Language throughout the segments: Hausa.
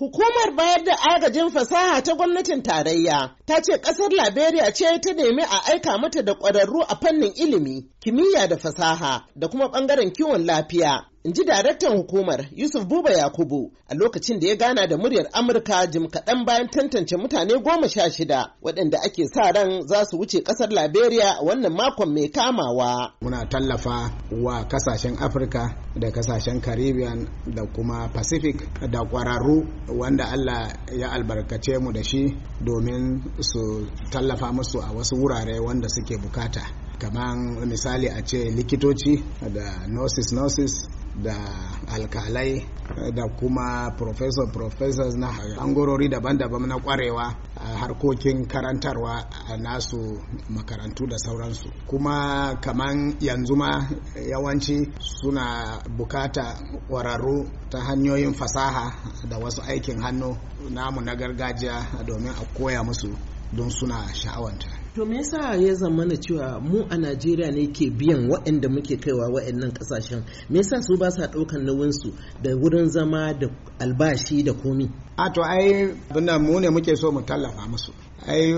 Hukumar bayar da agajin fasaha ta gwamnatin tarayya ta ce ƙasar Liberia ce ta nemi a aika mata da ƙwararru a fannin ilimi, kimiyya da fasaha da kuma ɓangaren kiwon lafiya in ji daraktan hukumar yusuf buba yakubu a lokacin da ya gana da muryar amurka jim kaɗan bayan tantance mutane goma sha shida waɗanda ake sa ran za su wuce ƙasar liberia wannan makon mai kamawa muna tallafa wa ƙasashen afirka da kasashen caribbean da kuma pacific da ƙwararru wanda allah ya albarkace mu da shi domin su tallafa musu a wasu wurare wanda suke bukata kamar misali a ce likitoci da nurses nurses da alkalai da kuma professor professors na angorori daban-daban na kwarewa a harkokin karantarwa a nasu makarantu da sauransu kuma kaman yanzu ma yawanci suna bukata kwararru ta hanyoyin fasaha da wasu aikin hannu namu na gargajiya domin a koya musu don suna sha'awanta to me yasa ya zama na cewa mu a najeriya ne ke biyan waɗanda muke kaiwa waɗannan ƙasashen me yasa su ba sa ɗaukan nauyin da wurin zama da albashi da komi a to ai abinda mu ne muke so mu tallafa musu ai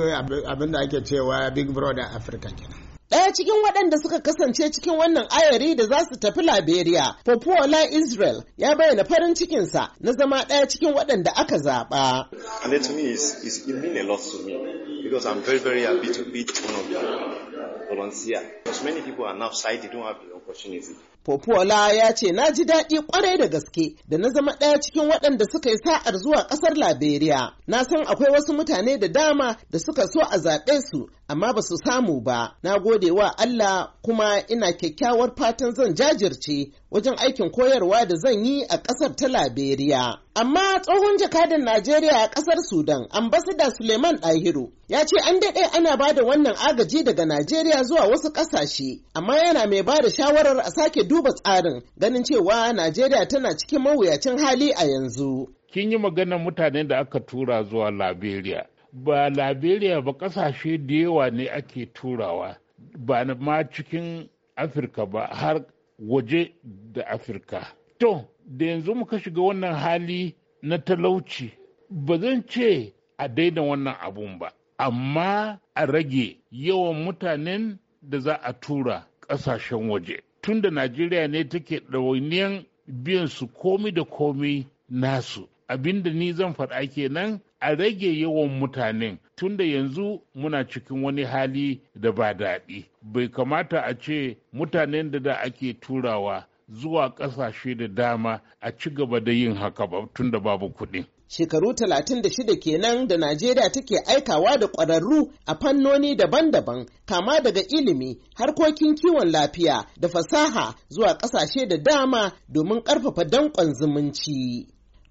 abinda ake cewa big brother africa kenan cikin waɗanda suka kasance cikin wannan ayari da za su tafi Liberia, Popola Israel ya bayyana farin cikinsa na zama ɗaya cikin waɗanda aka zaɓa. And it means, it means a lot to me because I'm very very happy to be one of them. volunteer. Because many people are now sighted, don't have the opportunity. Popola ya ce na ji daɗi kwarai da gaske da na zama ɗaya cikin waɗanda suka yi sa'ar zuwa ƙasar Liberia. Na san akwai wasu mutane da dama da suka so a zaɓe su amma ba su samu ba. Na gode wa Allah kuma ina kyakkyawar fatan zan jajirce wajen aikin koyarwa da zan yi a ƙasar ta Liberia. Amma tsohon jakadan Najeriya a ƙasar Sudan, ambasada Suleiman Ɗahiru, ya ce an daɗe ana ba da wannan agaji daga Najeriya zuwa wasu ƙasashe, amma yana mai ba da shawarar a sake duba tsarin ganin cewa Najeriya tana cikin mawuyacin hali a yanzu. Kin yi maganar mutanen da aka tura zuwa Liberia. Ba Liberia ba ƙasashe da yawa ne ake turawa, ba ma cikin Afirka ba har waje da afirka to da yanzu muka shiga wannan hali na talauci ba zan ce a daina wannan abun ba amma a rage yawan mutanen da za a tura ƙasashen waje tunda najeriya ne take ɗawainiyan biyan su komi da komi nasu abinda ni zan faɗa kenan a rage yawan mutanen tunda yanzu muna cikin wani hali da ba daɗi bai kamata a ce mutanen da da ake turawa zuwa ƙasashe da dama a ci gaba da yin haka ba tunda babu kuɗi. Shekaru 36 kenan da Najeriya take aikawa da ƙwararru a fannoni daban-daban, kama daga ilimi, harkokin kiwon lafiya da fasaha zuwa ƙasashe da dama domin ƙarfafa danƙon zumunci.